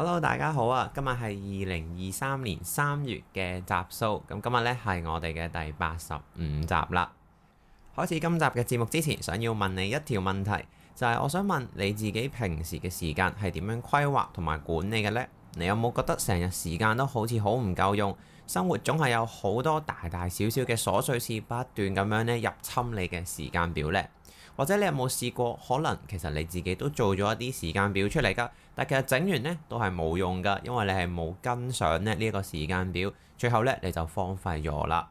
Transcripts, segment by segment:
Hello，大家好啊！今日係二零二三年三月嘅集數，咁今日呢，係我哋嘅第八十五集啦。開始今集嘅節目之前，想要問你一條問題，就係我想問你自己平時嘅時間係點樣規劃同埋管理嘅呢？你有冇覺得成日時間都好似好唔夠用？生活總係有好多大大小小嘅瑣碎事不斷咁樣呢入侵你嘅時間表呢？或者你有冇試過？可能其實你自己都做咗一啲時間表出嚟㗎，但其實整完呢都係冇用㗎，因為你係冇跟上呢呢一個時間表，最後呢你就荒廢咗啦。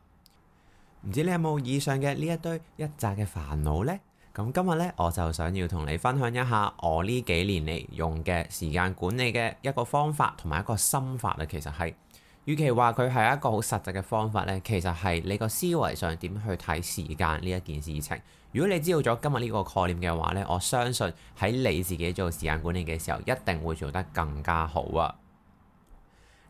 唔知你有冇以上嘅呢一堆一紮嘅煩惱呢？咁今日呢，我就想要同你分享一下我呢幾年嚟用嘅時間管理嘅一個方法同埋一個心法啊。其實係，與其話佢係一個好實際嘅方法呢，其實係你個思維上點去睇時間呢一件事情。如果你知道咗今日呢個概念嘅話呢，我相信喺你自己做時間管理嘅時候，一定會做得更加好啊！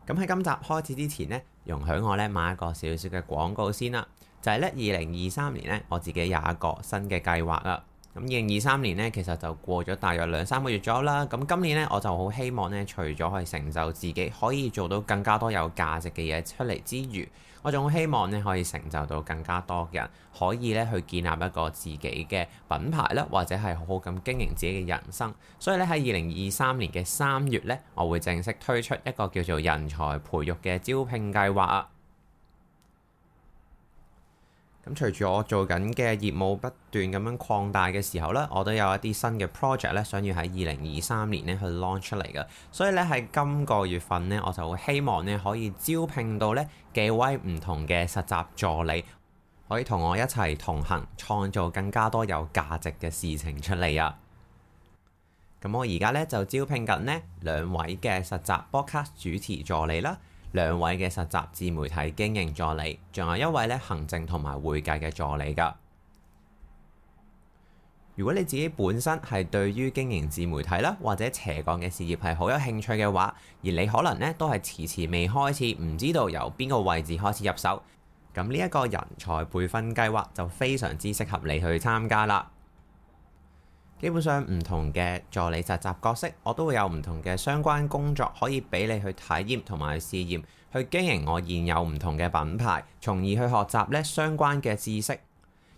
咁喺今集開始之前呢，容許我呢買一個少少嘅廣告先啦，就係呢，二零二三年呢，我自己有一個新嘅計劃啦。咁二零二三年呢，其實就過咗大約兩三個月左右啦。咁今年呢，我就好希望呢，除咗可以成就自己可以做到更加多有價值嘅嘢出嚟之餘，我仲好希望呢，可以成就到更加多嘅人可以呢，去建立一個自己嘅品牌啦，或者係好好咁經營自己嘅人生。所以呢，喺二零二三年嘅三月呢，我會正式推出一個叫做人才培育嘅招聘計劃啊！咁隨住我做緊嘅業務不斷咁樣擴大嘅時候呢，我都有一啲新嘅 project 呢，想要喺二零二三年呢去 launch 出嚟嘅，所以呢，喺今個月份呢，我就希望呢可以招聘到呢幾位唔同嘅實習助理，可以同我一齊同行，創造更加多有價值嘅事情出嚟啊！咁我而家呢就招聘緊呢兩位嘅實習 Podcast 主持助理啦。兩位嘅實習自媒體經營助理，仲有一位咧，行政同埋會計嘅助理㗎。如果你自己本身係對於經營自媒體啦，或者斜槓嘅事業係好有興趣嘅話，而你可能咧都係遲遲未開始，唔知道由邊個位置開始入手，咁呢一個人才培訓計劃就非常之適合你去參加啦。基本上唔同嘅助理實習、就是、角色，我都會有唔同嘅相關工作可以俾你去體驗同埋去試驗，去經營我現有唔同嘅品牌，從而去學習咧相關嘅知識。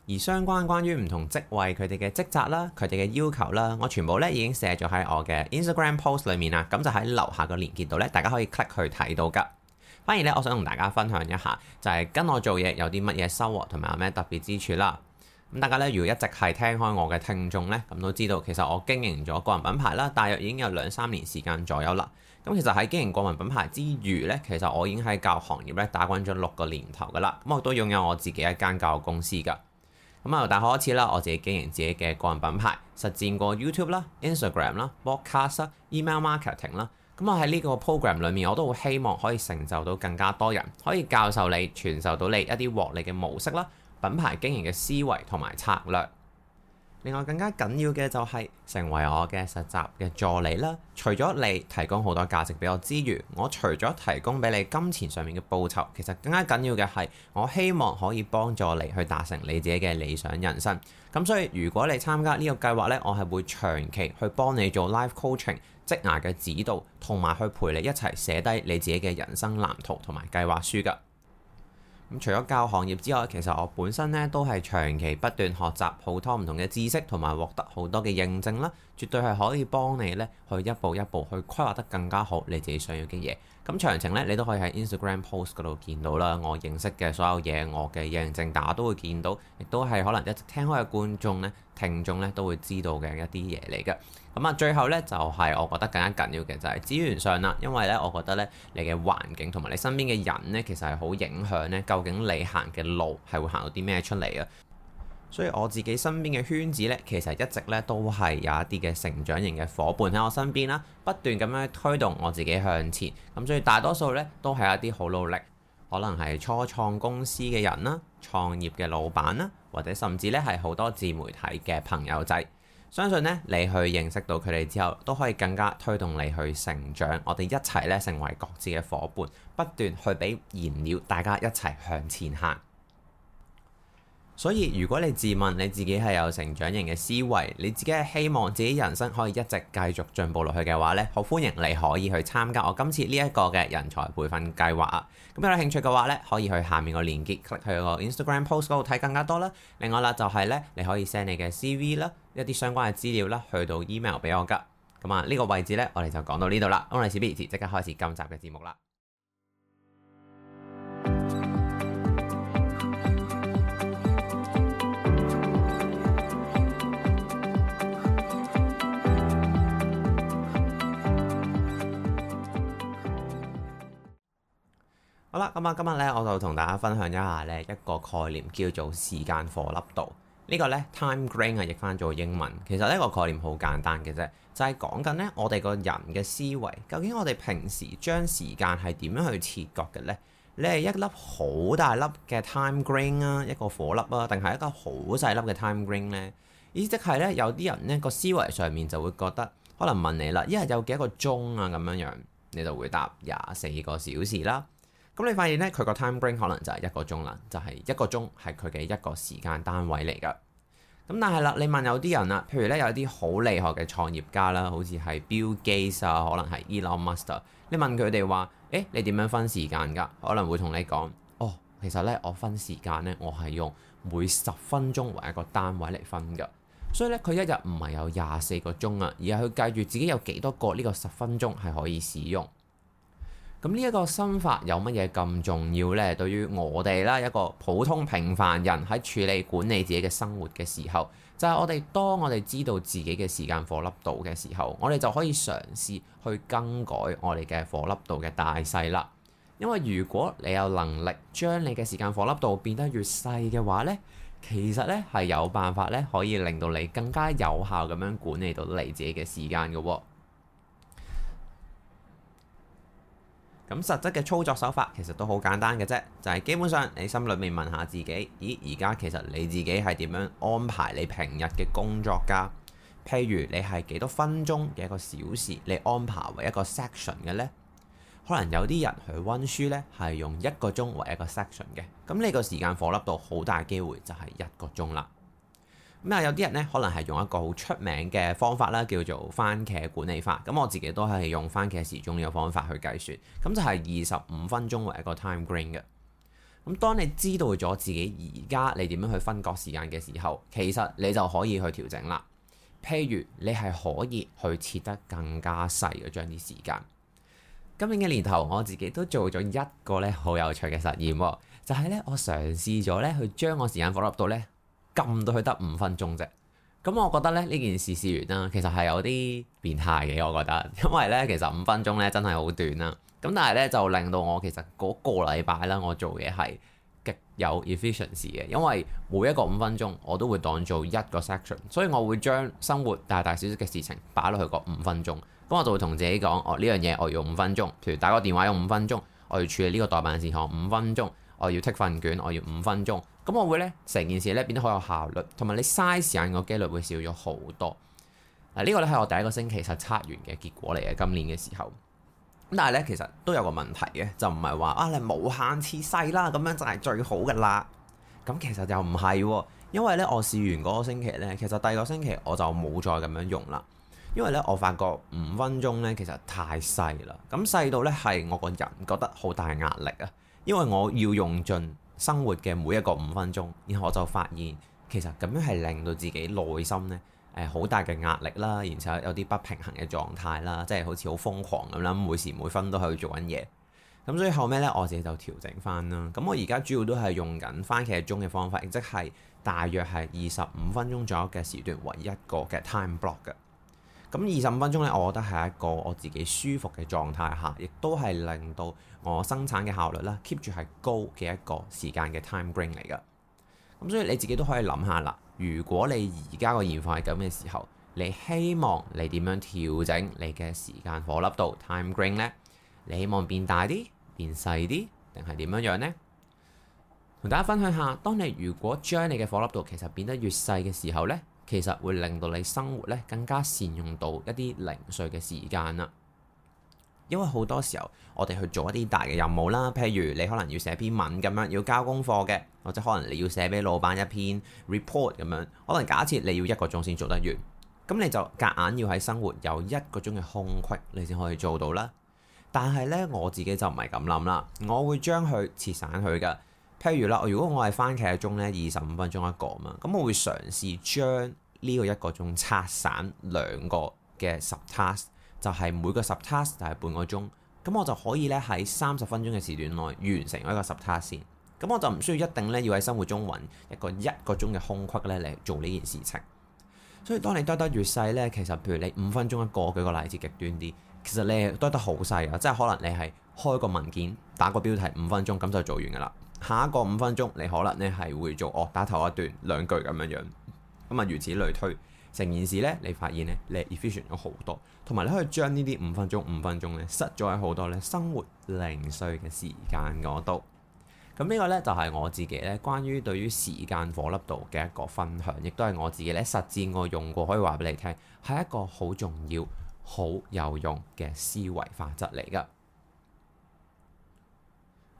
而相關關於唔同職位佢哋嘅職責啦，佢哋嘅要求啦，我全部咧已經寫咗喺我嘅 Instagram post 裏面啦，咁就喺樓下個連結度咧，大家可以 click 去睇到噶。反而咧，我想同大家分享一下，就係、是、跟我做嘢有啲乜嘢收穫同埋有咩特別之處啦。咁大家咧，如果一直係聽開我嘅聽眾呢，咁都知道其實我經營咗個人品牌啦，大約已經有兩三年時間左右啦。咁其實喺經營個人品牌之餘呢，其實我已經喺教育行業呢打滾咗六個年頭噶啦。咁我都擁有我自己一間教育公司㗎。咁啊，由大學開始啦，我自己經營自己嘅個人品牌，實戰過 YouTube 啦、Instagram 啦、Podcast 啦、Email Marketing 啦。咁我喺呢個 program 裏面，我都好希望可以成就到更加多人，可以教授你、傳授到你一啲獲利嘅模式啦。品牌經營嘅思維同埋策略，另外更加緊要嘅就係成為我嘅實習嘅助理啦。除咗你提供好多價值俾我之餘，我除咗提供俾你金錢上面嘅報酬，其實更加緊要嘅係我希望可以幫助你去達成你自己嘅理想人生。咁所以如果你參加呢個計劃呢，我係會長期去幫你做 life coaching、職涯嘅指導，同埋去陪你一齊寫低你自己嘅人生藍圖同埋計劃書㗎。咁除咗教行業之外，其實我本身咧都係長期不斷學習好多唔同嘅知識，同埋獲得好多嘅認證啦，絕對係可以幫你咧去一步一步去規劃得更加好你自己想要嘅嘢。咁詳情咧，你都可以喺 Instagram post 嗰度見到啦。我認識嘅所有嘢，我嘅認證，大家都會見到，亦都係可能一直聽開嘅觀眾咧、聽眾咧都會知道嘅一啲嘢嚟嘅。咁啊，最後咧就係、是、我覺得更加緊要嘅就係資源上啦，因為咧我覺得咧你嘅環境同埋你身邊嘅人咧，其實係好影響咧究竟你行嘅路係會行到啲咩出嚟啊！所以我自己身邊嘅圈子呢，其實一直呢都係有一啲嘅成長型嘅伙伴喺我身邊啦，不斷咁樣推動我自己向前。咁所以大多數呢，都係一啲好努力，可能係初創公司嘅人啦、創業嘅老闆啦，或者甚至呢係好多自媒體嘅朋友仔。相信呢，你去認識到佢哋之後，都可以更加推動你去成長。我哋一齊呢，成為各自嘅伙伴，不斷去俾燃料，大家一齊向前行。所以如果你自問你自己係有成長型嘅思維，你自己係希望自己人生可以一直繼續進步落去嘅話呢，好歡迎你可以去參加我今次呢一個嘅人才培訓計劃啊！咁有興趣嘅話呢，可以去下面個連結 click 去個 Instagram post 嗰度睇更加多啦。另外啦，就係呢你可以 send 你嘅 CV 啦，一啲相關嘅資料啦，去到 email 俾我㗎。咁啊，呢個位置呢，我哋就講到呢度啦。咁我哋事不宜遲，即刻開始今集嘅節目啦。好啦，咁啊，今日咧，我就同大家分享一下咧一個概念，叫做時間顆粒度。這個、呢個咧 time grain 啊，譯翻做英文，其實呢個概念好簡單嘅啫，就係講緊呢我哋個人嘅思維，究竟我哋平時將時間係點樣去切割嘅呢？你係一粒好大粒嘅 time grain 啊，一個顆粒啊，定係一個好細粒嘅 time grain 呢？意思即係呢，有啲人呢個思維上面就會覺得，可能問你啦，一日有幾多個鐘啊？咁樣樣你就回答廿四個小時啦。咁你發現咧，佢個 time grain 可能就係一個鐘啦，就係、是、一個鐘係佢嘅一個時間單位嚟噶。咁但係啦，你問有啲人啊，譬如咧有啲好厲害嘅創業家啦，好似係 Bill Gates 啊，可能係 Elon Musk，你問佢哋話，誒你點樣分時間噶？可能會同你講，哦，其實咧我分時間咧，我係用每十分鐘為一個單位嚟分噶。所以咧佢一日唔係有廿四個鐘啊，而係佢計住自己有幾多個呢、這個十分鐘係可以使用。咁呢一個心法有乜嘢咁重要呢？對於我哋啦，一個普通平凡人喺處理管理自己嘅生活嘅時候，就係我哋當我哋知道自己嘅時間顆粒度嘅時候，我哋就可以嘗試去更改我哋嘅顆粒度嘅大細啦。因為如果你有能力將你嘅時間顆粒度變得越細嘅話呢，其實呢係有辦法呢，可以令到你更加有效咁樣管理到你自己嘅時間嘅喎。咁實質嘅操作手法其實都好簡單嘅啫，就係、是、基本上你心裏面問下自己，咦，而家其實你自己係點樣安排你平日嘅工作㗎？譬如你係幾多分鐘嘅一個小時，你安排為一個 section 嘅呢？可能有啲人去温書呢，係用一個鐘為一個 section 嘅，咁呢個時間顆粒度好大機會就係一個鐘啦。咁啊，有啲人咧可能係用一個好出名嘅方法啦，叫做番茄管理法。咁我自己都係用番茄時鐘呢個方法去計算。咁就係二十五分鐘為一個 time grain 嘅。咁當你知道咗自己而家你點樣去分割時間嘅時候，其實你就可以去調整啦。譬如你係可以去切得更加細嘅將啲時間。今年嘅年頭，我自己都做咗一個咧好有趣嘅實驗，就係、是、咧我嘗試咗咧去將個時間放入到咧。撳到佢得五分鐘啫，咁、嗯、我覺得咧呢件事試完啦，其實係有啲變態嘅，我覺得，因為呢，其實五分鐘呢真係好短啦、啊，咁但係呢，就令到我其實嗰個禮拜咧我做嘢係極有 efficiency 嘅，因為每一個五分鐘我都會當做一個 section，所以我會將生活大大小小嘅事情擺落去個五分鐘，咁、嗯、我就會同自己講，哦，呢樣嘢我要五分鐘，譬如打個電話要五分鐘，我要處理呢個待辦事項五分鐘，我要剔份卷我要五分鐘。咁我會咧，成件事咧變得好有效率，同埋你嘥時間個幾率會少咗好多。嗱，呢個咧係我第一個星期實測完嘅結果嚟嘅，今年嘅時候。咁但係咧，其實都有個問題嘅，就唔係話啊你無限次細啦，咁樣就係最好嘅啦。咁其實就唔係啊，因為咧我試完嗰個星期咧，其實第二個星期我就冇再咁樣用啦。因為咧我發覺五分鐘咧其實太細啦，咁細到咧係我個人覺得好大壓力啊，因為我要用盡生活嘅每一個五分鐘，然後我就發現其實咁樣係令到自己內心呢誒好大嘅壓力啦，然後有啲不平衡嘅狀態啦，即係好似好瘋狂咁啦，每時每分都係去做緊嘢。咁所以後尾呢，我自己就調整翻啦。咁我而家主要都係用緊番茄鐘嘅方法，即係大約係二十五分鐘左右嘅時段為一個嘅 time block 嘅。咁二十五分鐘呢，我覺得係一個我自己舒服嘅狀態下，亦都係令到我生產嘅效率啦 keep 住係高嘅一個時間嘅 time grain 嚟嘅。咁所以你自己都可以諗下啦。如果你而家個現況係咁嘅時候，你希望你點樣調整你嘅時間顆粒度 time grain 咧？你希望變大啲、變細啲，定係點樣樣咧？同大家分享下，當你如果將你嘅顆粒度其實變得越細嘅時候咧。其實會令到你生活咧，更加善用到一啲零碎嘅時間啦，因為好多時候我哋去做一啲大嘅任務啦，譬如你可能要寫篇文咁樣，要交功課嘅，或者可能你要寫俾老闆一篇 report 咁樣，可能假設你要一個鐘先做得完，咁你就夾硬要喺生活有一個鐘嘅空隙，你先可以做到啦。但係呢，我自己就唔係咁諗啦，我會將佢切散佢噶。譬如啦，如果我係番茄鐘呢，二十五分鐘一個啊嘛，咁我會嘗試將呢個一個鐘拆散兩個嘅 sub-task，就係每個 sub-task 就係半個鐘，咁我就可以咧喺三十分鐘嘅時段內完成一個 sub-task 先。咁我就唔需要一定咧要喺生活中揾一個一個鐘嘅空隙咧嚟做呢件事情。所以當你剁得越細呢，其實譬如你五分鐘一個，舉個例子極端啲，其實你係剁得好細啊，即係可能你係開個文件，打個標題五分鐘咁就做完噶啦。下一個五分鐘你可能咧係會做哦打頭一段兩句咁樣樣。咁啊，如此類推，成件事咧，你發現咧，你 efficient 咗好多，同埋你可以將呢啲五分鐘、五分鐘咧，塞咗喺好多咧生活零碎嘅時間嗰度。咁呢個咧就係我自己咧，關於對於時間顆粒度嘅一個分享，亦都係我自己咧實戰我用過，可以話俾你聽，係一個好重要、好有用嘅思維法則嚟噶。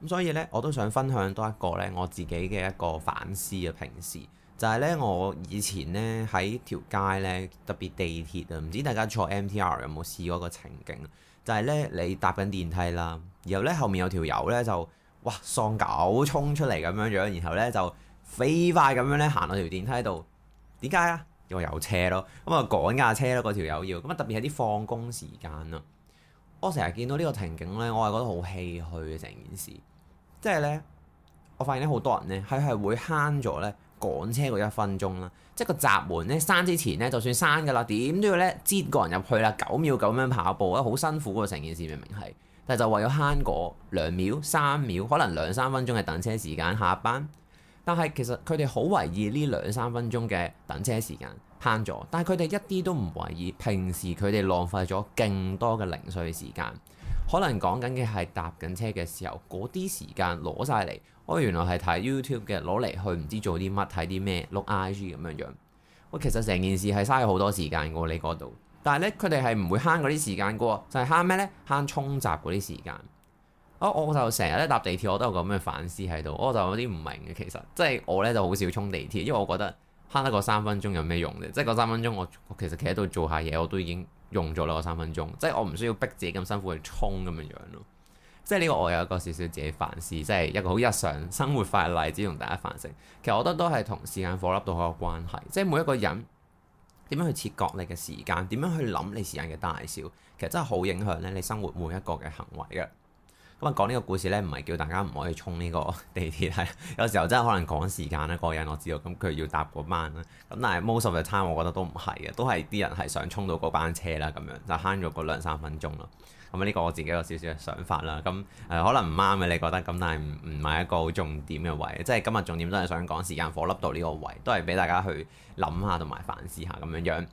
咁所以咧，我都想分享多一個咧，我自己嘅一個反思嘅平時。就係咧，我以前咧喺條街咧，特別地鐵啊，唔知大家坐 MTR 有冇試過個情景？就係咧，你搭緊電梯啦，然後咧後面有條友咧就哇喪狗衝出嚟咁樣樣，然後咧就飛快咁樣咧行到條電梯度。點解啊？因為有車咯，咁啊趕架車咯，嗰條友要咁啊，特別係啲放工時間啦。我成日見到呢個情景咧，我係覺得好唏噓嘅成件事，即係咧我發現咧好多人咧，佢係會慳咗咧。趕車嗰一分鐘啦，即係個閘門咧閂之前咧，就算閂噶啦，點都要咧擠個人入去啦，九秒咁樣跑步啊，好辛苦喎，成件事明明係，但係就為咗慳嗰兩秒、三秒，可能兩三分鐘嘅等車時間下班，但係其實佢哋好懷疑呢兩三分鐘嘅等車時間慳咗，但係佢哋一啲都唔懷疑，平時佢哋浪費咗更多嘅零碎時間。可能講緊嘅係搭緊車嘅時候，嗰啲時間攞晒嚟，我原來係睇 YouTube 嘅，攞嚟去唔知做啲乜睇啲咩，碌 IG 咁樣樣。我其實成件事係嘥好多時間嘅你嗰度。但係呢，佢哋係唔會慳嗰啲時間嘅就係慳咩呢？慳沖閘嗰啲時間。哦、我就成日咧搭地鐵，我都有咁樣反思喺度，我就有啲唔明嘅。其實即係、就是、我呢就好少沖地鐵，因為我覺得慳得個三分鐘有咩用啫？即係三分鐘我，我我其實企喺度做下嘢，我都已經。用咗兩三分鐘，即係我唔需要逼自己咁辛苦去衝咁樣樣咯。即係呢個我有一個少少自己反思，即係一個好日常生活化嘅例子，同大家反省。其實我覺得都係同時間顆粒度好有關係。即係每一個人點樣去切割你嘅時間，點樣去諗你時間嘅大小，其實真係好影響咧你生活每一個嘅行為嘅。咁啊，講呢個故事咧，唔係叫大家唔可以衝呢個地鐵係。 有時候真係可能趕時間啦，個人我知道。咁佢要搭嗰班啦。咁但係 most of the time，我覺得都唔係嘅，都係啲人係想衝到嗰班車啦，咁樣就慳咗嗰兩三分鐘啦。咁呢個我自己有少少嘅想法啦。咁誒、呃，可能唔啱嘅你覺得，咁但係唔唔係一個好重點嘅位。即係今日重點都係想講時間顆粒度呢個位，都係俾大家去諗下同埋反思下咁樣樣。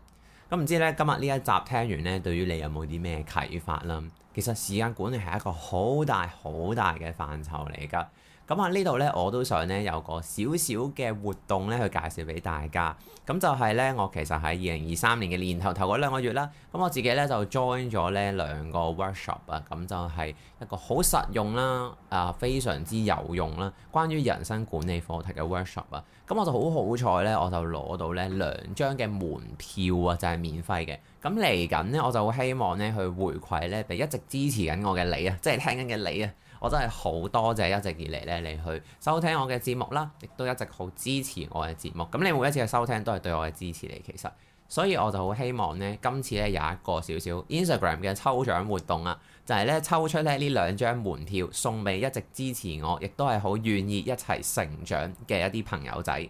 咁唔知咧，今日呢一集聽完咧，對於你有冇啲咩啟發啦？其實時間管理係一個好大好大嘅範疇嚟㗎，咁喺呢度呢，我都想呢有個少少嘅活動呢去介紹俾大家，咁就係呢，我其實喺二零二三年嘅年頭頭嗰兩個月啦，咁我自己呢就 join 咗呢兩個 workshop 啊，咁就係一個好實用啦，啊非常之有用啦，關於人生管理課題嘅 workshop 啊，咁我就好好彩呢，我就攞到呢兩張嘅門票啊，就係免費嘅。咁嚟緊呢，我就好希望呢去回饋呢，俾一直支持緊我嘅你啊，即係聽緊嘅你啊，我真係好多謝一直以嚟呢你去收聽我嘅節目啦，亦都一直好支持我嘅節目。咁你每一次嘅收聽都係對我嘅支持嚟，其實，所以我就好希望呢，今次呢有一個少少 Instagram 嘅抽獎活動啊，就係呢抽出呢呢兩張門票，送俾一直支持我，亦都係好願意一齊成長嘅一啲朋友仔。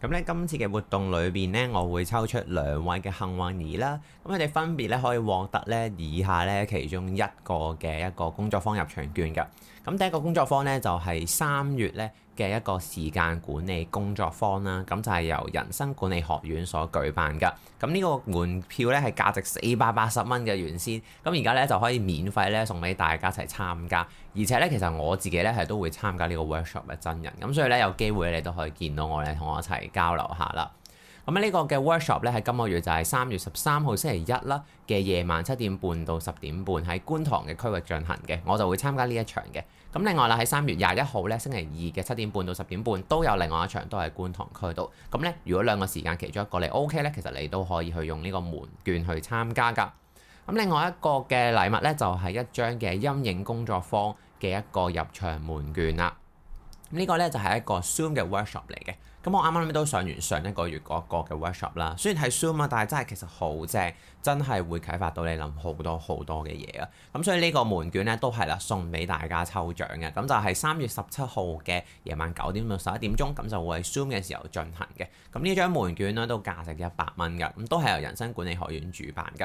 咁咧，今次嘅活動裏邊咧，我會抽出兩位嘅幸運兒啦。咁佢哋分別咧可以獲得咧以下咧其中一個嘅一個工作坊入場券嘅。咁第一個工作坊咧就係三月咧，嘅一個時間管理工作坊啦，咁就係由人生管理學院所舉辦噶。咁呢個門票呢係價值四百八十蚊嘅原先，咁而家呢就可以免費呢送俾大家一齊參加。而且呢，其實我自己呢係都會參加呢個 workshop 嘅真人，咁所以呢，有機會你都可以見到我呢，同我一齊交流下啦。咁呢個嘅 workshop 咧，喺今個月就係三月十三號星期一啦，嘅夜晚七點半到十點半，喺觀塘嘅區域進行嘅，我就會參加呢一場嘅。咁另外啦，喺三月廿一號咧，星期二嘅七點半到十點半都有另外一場，都喺觀塘區度。咁咧，如果兩個時間其中一個你 OK 咧，其實你都可以去用呢個門券去參加㗎。咁另外一個嘅禮物咧，就係一張嘅陰影工作坊嘅一個入場門券啦。呢個咧，就係一個 Zoom 嘅 workshop 嚟嘅。咁我啱啱都上完上一個月嗰個嘅 workshop 啦，雖然係 Zoom 啊，但係真係其實好正，真係會啟發到你諗好多好多嘅嘢啊！咁所以呢個門券呢，都係啦，送俾大家抽獎嘅，咁就係三月十七號嘅夜晚九點到十一點鐘，咁就會喺 Zoom 嘅時候進行嘅。咁呢張門券呢，都價值一百蚊㗎，咁都係由人生管理學院主辦㗎。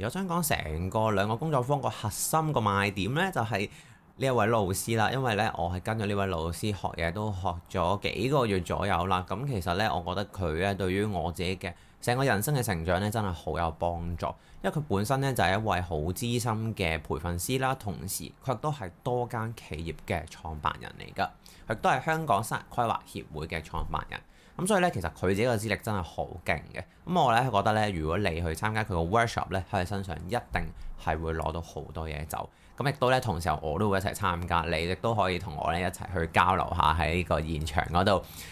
而我想講成個兩個工作坊個核心個賣點呢，就係、是、～呢一位老師啦，因為呢，我係跟咗呢位老師學嘢，都學咗幾個月左右啦。咁其實呢，我覺得佢咧對於我自己嘅成個人生嘅成長呢，真係好有幫助。因為佢本身呢，就係一位好資深嘅培訓師啦，同時佢都係多間企業嘅創辦人嚟㗎，佢都係香港生涯規劃協會嘅創辦人。咁所以咧，其實佢自己個資歷真係好勁嘅。咁、嗯、我咧覺得咧，如果你去參加佢個 workshop 咧，喺佢身上一定係會攞到好多嘢走。咁、嗯、亦都咧，同時候我都會一齊參加，你亦都可以同我咧一齊去交流下喺呢個現場嗰度。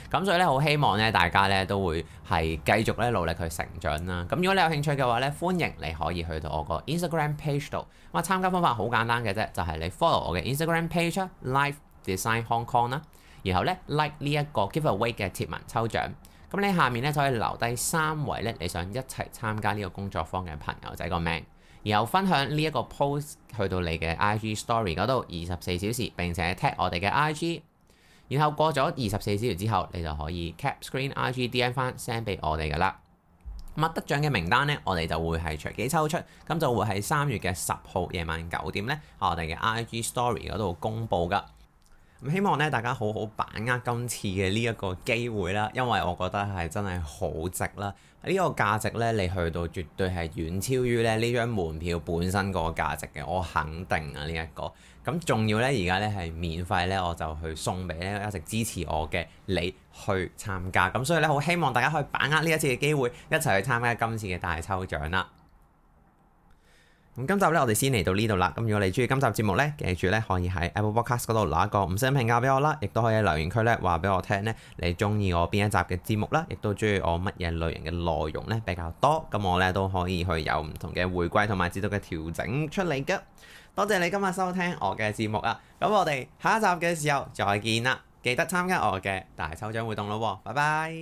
咁、嗯、所以咧，好希望咧大家咧都會係繼續咧努力去成長啦。咁、嗯、如果你有興趣嘅話咧，歡迎你可以去到我個 Instagram page 度。咁啊，參加方法好簡單嘅啫，就係、是、你 follow 我嘅 Instagram page Life Design Hong Kong 啦。然後咧 like 呢一個 give away 嘅貼文抽獎，咁你下面咧就可以留低三位咧你想一齊參加呢個工作坊嘅朋友仔個名，然後分享呢一個 post 去到你嘅 IG story 嗰度，二十四小時，並且 tag 我哋嘅 IG，然後過咗二十四小時之後，你就可以 cap screen IG DM 翻 send 俾我哋噶啦。咁啊，得獎嘅名單咧，我哋就會係隨機抽出，咁就會喺三月嘅十號夜晚九點咧，我哋嘅 IG story 嗰度公布噶。咁希望咧，大家好好把握今次嘅呢一個機會啦，因為我覺得係真係好值啦。呢個價值呢，你去到絕對係遠超於咧呢張門票本身個價值嘅，我肯定啊呢一個。咁仲要呢，而家呢係免費呢，我就去送俾呢一直支持我嘅你去參加。咁所以呢，好希望大家可以把握呢一次嘅機會，一齊去參加今次嘅大抽獎啦！咁今集呢，我哋先嚟到呢度啦。咁如果你中意今集節目呢，記住呢可以喺 Apple Podcast 嗰度留一個五星評價俾我啦，亦都可以喺留言區呢話俾我聽呢，你中意我邊一集嘅節目啦，亦都中意我乜嘢類型嘅內容呢比較多。咁我呢都可以去有唔同嘅回歸同埋指導嘅調整出嚟㗎。多謝你今日收聽我嘅節目啊！咁我哋下一集嘅時候再見啦，記得參加我嘅大抽獎活動咯，拜拜。